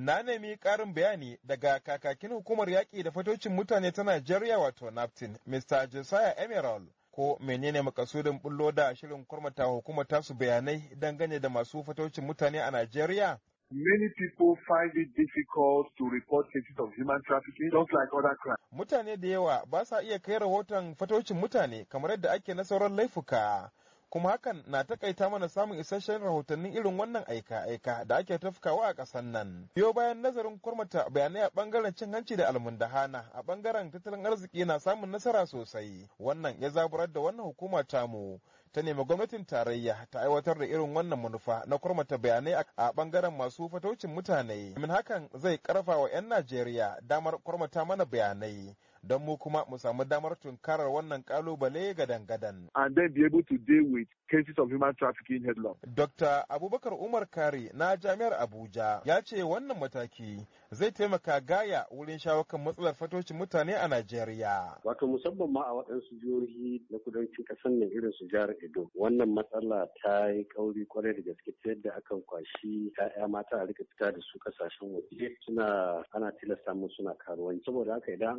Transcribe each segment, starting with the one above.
na nemi ƙarin bayani daga kakakin hukumar yaƙi da fatocin mutane ta Najeriya wato Naftin, Mr. Josiah Emerald. Ko menene makasudin bullo da shirin kwarmata hukumar tasu bayanai dangane da masu fatocin mutane a Najeriya? Many people find it difficult to report cases of human trafficking just like other crimes. Mutane da yawa ba sa iya kai rahoton fatocin mutane kamar yadda ake na sauran laifuka. kuma hakan na takaita mana samun isasshen rahotannin irin wannan aika-aika da ake tafkawa a ƙasar nan. Biyo bayan nazarin kurmata bayanai a bangaren cin hanci da almundahana a bangaren tattalin arziki na samun nasara sosai. Wannan ya zaburar da wannan hukuma mu ta nemi gwamnatin tarayya ta aiwatar da irin wannan manufa na kurmata bayanai a bangaren masu fataucin mutane. Min hakan zai ƙarfawa 'yan Najeriya damar kurmata mana bayanai. don mu kuma mu samu damar tunkarar wannan kalubale ga gadan And then be able to deal with cases of human trafficking headlong. Dr. Abubakar Umar Kari na Jami'ar Abuja ya ce wannan mataki zai taimaka gaya wurin shawo kan matsalar fatocin mutane a Najeriya. Wato musamman ma a waɗansu jihohi na kudancin ƙasar nan irin su jihar Edo. Wannan matsala ta yi kauri kwarai da gaske ta yadda akan kwashi 'ya'ya mata a rika fita da su kasashen waje suna ana tilasta musu suna karuwanci saboda haka idan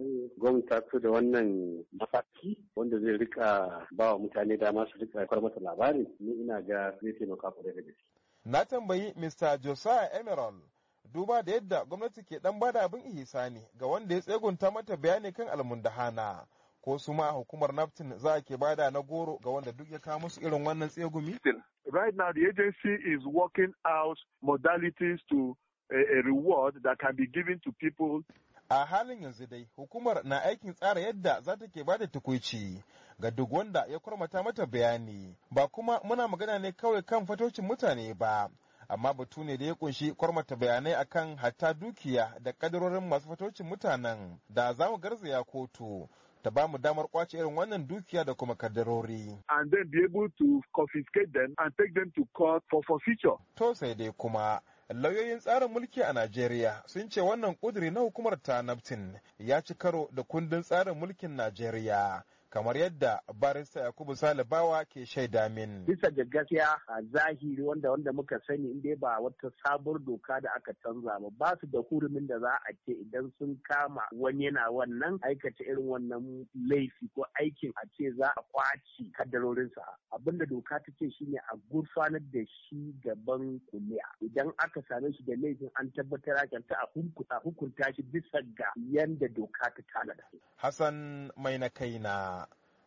gwamnati ta da wannan mafaki wanda zai rika ba wa mutane dama su rika kwar mata labarin ni ina ga zai taimaka kwarai da gaske. Na tambayi Mr. Josiah Emerald duba da yadda gwamnati ke dan bada abin ihisani ga wanda ya tsegunta mata bayani kan almundahana. ko su ma hukumar naftin za ke bada na goro ga wanda duk ya kawo musu irin wannan tsegumi? Right now the agency is working out modalities to a, eh, a reward that can be given to people a halin yanzu dai hukumar na aikin tsara yadda za ta ke bada tukuci ga duk wanda ya kurmata mata bayani ba kuma muna magana ne kawai kan fatocin mutane ba amma batu ne da ya kunshi kwarmata bayanai akan hatta dukiya da kadarorin masu fatocin mutanen da za mu garzaya kotu ta ba mu damar kwace irin wannan dukiya da kuma kaddarori. And then be able to confiscate them and take them to court for forfeiture. To sai dai kuma lauyoyin tsarin mulki a Najeriya sun ce wannan kuduri na hukumar ta ya ci karo da kundin tsarin mulkin Najeriya kamar yadda barista yakubu salibawa ke shaida min bisa ga gaskiya a zahiri wanda wanda muka sani in dai ba wata sabuwar doka da aka canza ba ba su da hurumin da za a ce idan sun kama wani yana wannan aikata irin wannan laifi ko aikin a ce za a kwaci kaddarorinsa abinda doka ta ce shine a gurfanar da shi gaban kuliya idan aka same shi da laifin an tabbatar a a hukunta shi bisa ga yanda doka ta tanada hassan mai na kaina